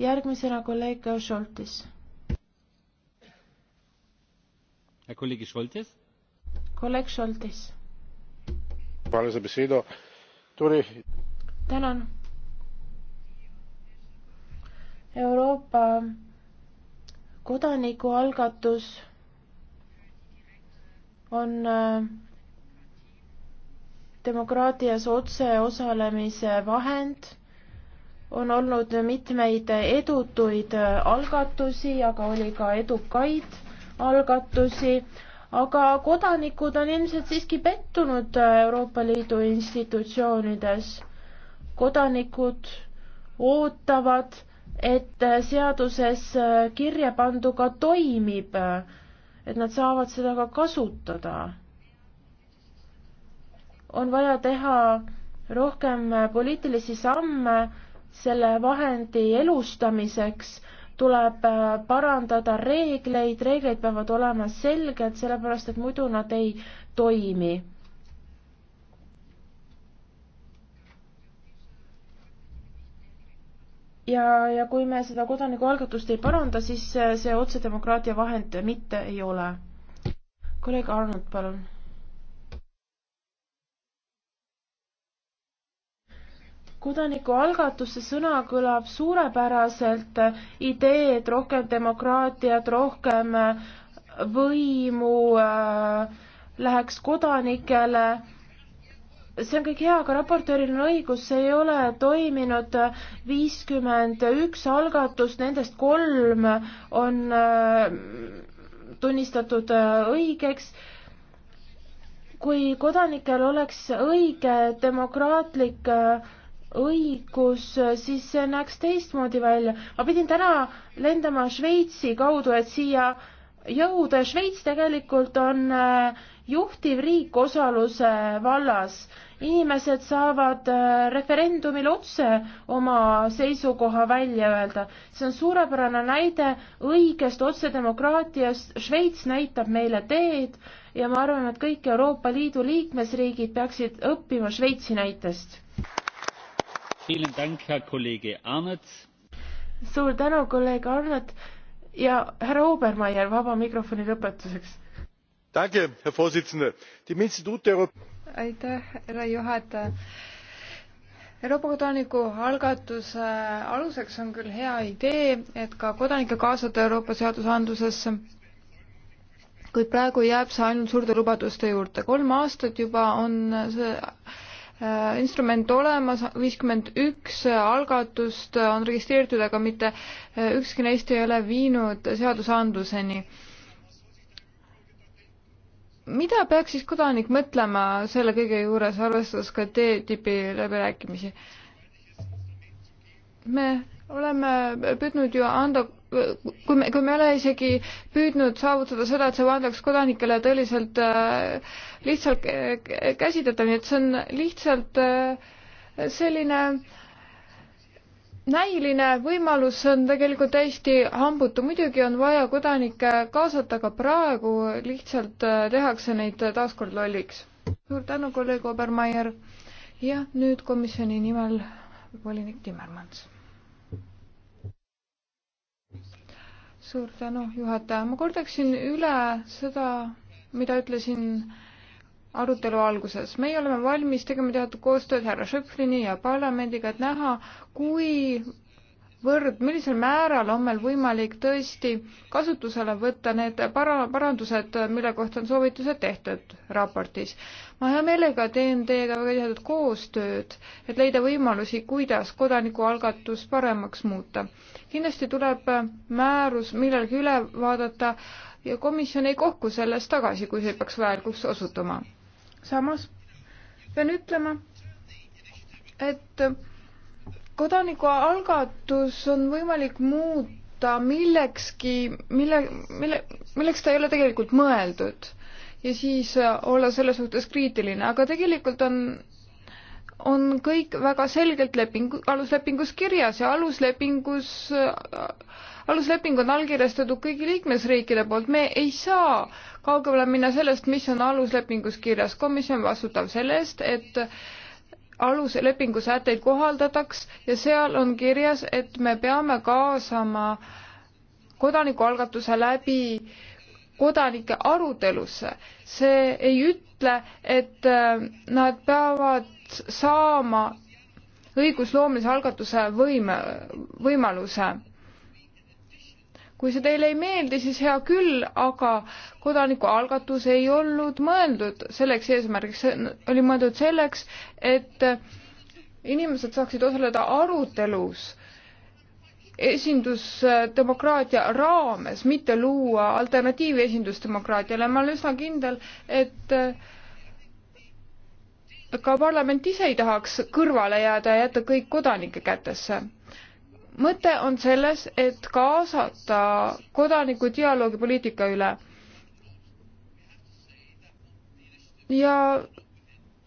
järgmisena kolleeg Šoltis kolleeg Šoltis. tänan. Euroopa kodanikualgatus on äh, demokraatias otse osalemise vahend, on olnud mitmeid edutuid äh, algatusi, aga oli ka edukaid algatusi, aga kodanikud on ilmselt siiski pettunud äh, Euroopa Liidu institutsioonides. kodanikud ootavad, et äh, seaduses äh, kirja pandu ka toimib, et nad saavad seda ka kasutada. on vaja teha rohkem poliitilisi samme selle vahendi elustamiseks tuleb äh, parandada reegleid, reeglid peavad olema selged, sellepärast et muidu nad ei toimi. ja, ja kui me seda kodanikualgatust ei paranda, siis äh, see otsedemokraatia vahend mitte ei ole. kolleeg Arnold, palun kodanikualgatuse sõna kõlab suurepäraselt, ideed rohkem demokraatiat, rohkem äh, võimu äh, läheks kodanikele see on kõik hea, aga raportööril on õigus, see ei ole toiminud viiskümmend üks algatust, nendest kolm on äh, tunnistatud äh, õigeks. kui kodanikel oleks õige demokraatlik äh, õigus, siis see näeks teistmoodi välja. ma pidin täna lendama Šveitsi kaudu, et siia jõuda. Šveits tegelikult on äh, juhtiv riik osaluse vallas. inimesed saavad äh, referendumil otse oma seisukoha välja öelda. see on suurepärane näide õigest otsedemokraatiast. Šveits näitab meile teed ja ma arvan, et kõik Euroopa Liidu liikmesriigid peaksid õppima Šveitsi näitest suur tänu, kolleeg Arnold ja härra Obermeier vaba mikrofoni lõpetuseks. aitäh, härra juhataja. Euroopa kodaniku algatuse aluseks on küll hea idee, et ka kodanikke kaasata Euroopa seadusandlusesse, kuid praegu jääb see ainult suurte lubaduste juurde. kolm aastat juba on see Äh, instrument olemas, viiskümmend üks algatust on registreeritud, aga mitte äh, ükski neist ei ole viinud seadusandluseni. mida peaks siis kodanik mõtlema selle kõige juures, arvestades ka TTIP-i läbirääkimisi? me oleme püüdnud ju anda kui me, kui me ei ole isegi püüdnud saavutada seda, et see pandaks kodanikele tõeliselt äh, lihtsalt äh, käsitletav, nii et see on lihtsalt äh, selline näiline võimalus, see on tegelikult täiesti hambutu, muidugi on vaja kodanikke kaasata, aga praegu lihtsalt tehakse neid taaskord lolliks. suur tänu, kolleeg Obermeier. ja nüüd komisjoni nimel volinik Timmermans suur tänu, juhataja. ma kordaksin üle seda, mida ütlesin arutelu alguses. meie oleme valmis tegema teatud koostööd härra Schöpflini ja parlamendiga, et näha, kuivõrd, millisel määral on meil võimalik tõesti kasutusele võtta need para-, parandused, mille kohta on soovitused tehtud raportis. ma hea meelega teen teiega väga tihedat koostööd, et leida võimalusi, kuidas kodanikualgatust paremaks muuta kindlasti tuleb määrus millalgi üle vaadata ja komisjon ei kohku sellest tagasi, kui see peaks vajalikuks osutuma. samas pean ütlema, et kodanikualgatus on võimalik muuta millekski, mille, mille, milleks ta ei ole tegelikult mõeldud ja siis olla selles suhtes kriitiline, aga tegelikult on on kõik väga selgelt lepingu, aluslepingus kirjas ja aluslepingus, alusleping on allkirjastatud kõigi liikmesriikide poolt, me ei saa kaugemale minna sellest, mis on aluslepingus kirjas, komisjon vastutab selle eest, et aluslepingu sätteid kohaldataks ja seal on kirjas, et me peame kaasama kodanikualgatuse läbi äh, kodanike arutelusse. see ei ütle, et äh, nad peavad saama õigusloomelise algatuse võime, võimaluse. kui see teile ei meeldi, siis hea küll, aga kodanikualgatus ei olnud mõeldud selleks eesmärgiks, see oli mõeldud selleks, et inimesed saaksid osaleda arutelus esindusdemokraatia raames, mitte luua alternatiivi esindusdemokraatiale. ma olen üsna kindel, et ka parlament ise ei tahaks kõrvale jääda ja jätta kõik kodanike kätesse mõte on selles, et kaasata kodaniku dialoogi poliitika üle. ja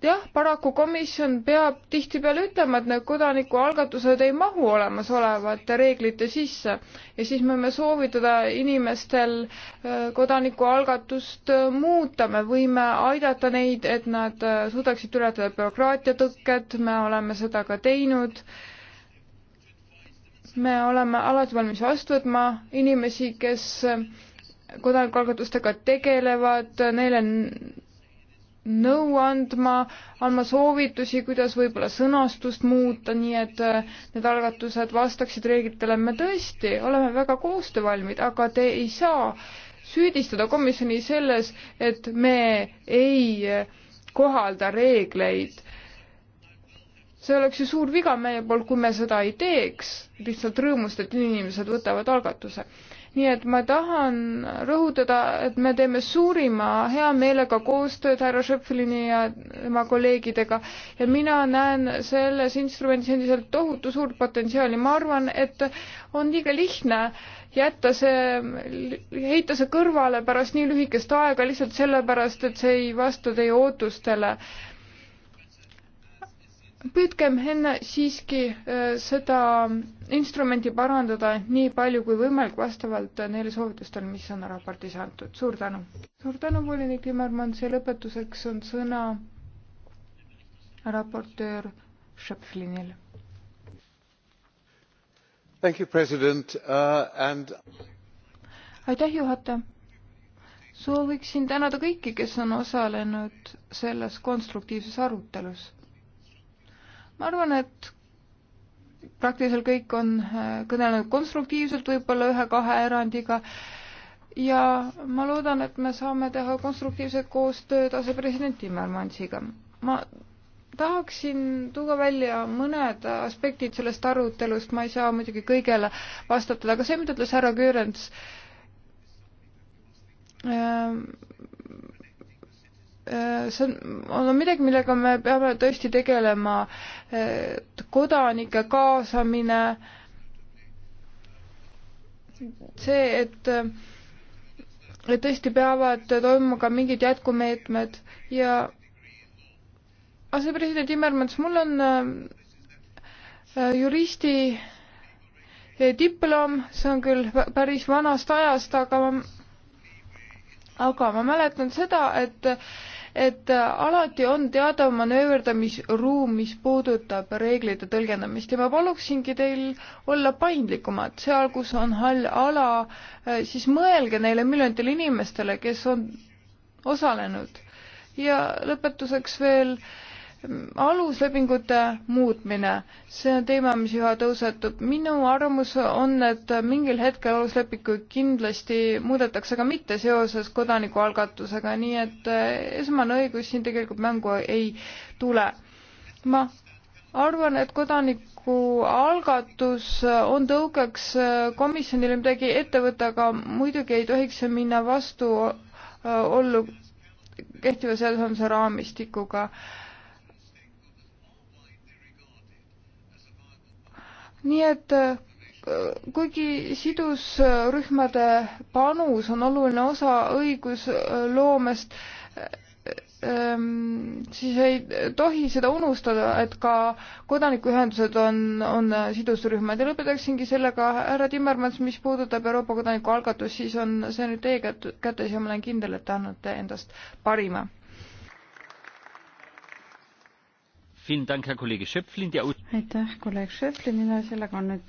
jah, paraku komisjon peab tihtipeale ütlema, et need kodanikualgatused ei mahu olemasolevate reeglite sisse ja siis me võime soovitada inimestel äh, kodanikualgatust äh, muuta, me võime aidata neid, et nad äh, suudaksid ületada bürokraatiatõkked, me oleme seda ka teinud. me oleme alati valmis vastu võtma inimesi, kes kodanikualgatustega tegelevad, neile nõu andma, andma soovitusi, kuidas võib-olla sõnastust muuta, nii et äh, need algatused vastaksid reeglitele. me tõesti oleme väga koostöövalmid, aga te ei saa süüdistada komisjoni selles, et me ei äh, kohalda reegleid. see oleks ju suur viga meie poolt, kui me seda ei teeks, lihtsalt rõõmust, et inimesed võtavad algatuse nii et ma tahan rõhutada, et me teeme suurima heameelega koostööd härra Schöpflini ja tema kolleegidega ja mina näen selles instrumendis endiselt tohutu suurt potentsiaali. ma arvan, et on liiga lihtne jätta see, heita see kõrvale pärast nii lühikest aega lihtsalt sellepärast, et see ei vasta teie ootustele püüdkem enne siiski äh, seda instrumenti parandada nii palju kui võimalik vastavalt äh, neile soovitustele, mis on raportis antud. suur tänu. suur tänu, volinik Timmermann, see lõpetuseks on sõna raportöör Schöpflinil. Thank you, president uh, and. aitäh, juhataja. sooviksin tänada kõiki, kes on osalenud selles konstruktiivses arutelus ma arvan, et praktiliselt kõik on äh, kõnelenud konstruktiivselt, võib-olla ühe-kahe erandiga, ja ma loodan, et me saame teha konstruktiivset koostööd asepresident Timmermansiga. ma tahaksin tuua välja mõned aspektid sellest arutelust, ma ei saa muidugi kõigele vastata, aga see, mida ütles härra Göörens, äh, Äh, see on, on midagi, millega me peame tõesti tegelema, äh, kodanike kaasamine, see, et äh, et tõesti peavad toimuma ka mingid jätkumeetmed ja asepresident Timmermans, mul on juristi diplom, see on küll päris vanast ajast, aga ma, aga ma mäletan seda, et et äh, alati on teada manööverdamisruum, mis puudutab reeglite tõlgendamist ja ma paluksingi teil olla paindlikumad, seal, kus on hall ala, äh, siis mõelge neile miljonitele inimestele, kes on osalenud. ja lõpetuseks veel äh, aluslepingute muutmine, see on teema, mis üha tõusetub. minu arvamus on, et mingil hetkel aluslepinguid kindlasti muudetakse, aga mitte seoses kodanikualgatusega, nii et eh, esmane õigus siin tegelikult mängu ei tule. ma arvan, et kodanikualgatus on tõukeks eh, komisjonile midagi ette võtta, aga muidugi ei tohiks see minna vastuollu eh, kehtiva seadusandluse raamistikuga äh, nii et äh, kuigi sidusrühmade panus on oluline osa õigusloomest, äh, ähm, siis ei tohi seda unustada, et ka kodanikuühendused on, on sidusrühmad ja lõpetaksingi sellega, härra Timmermans, mis puudutab Euroopa kodanikualgatust, siis on see nüüd teie kätes ja ma olen kindel, et te annate endast parima. aitäh kolleeg Schöpflinile, sellega on nüüd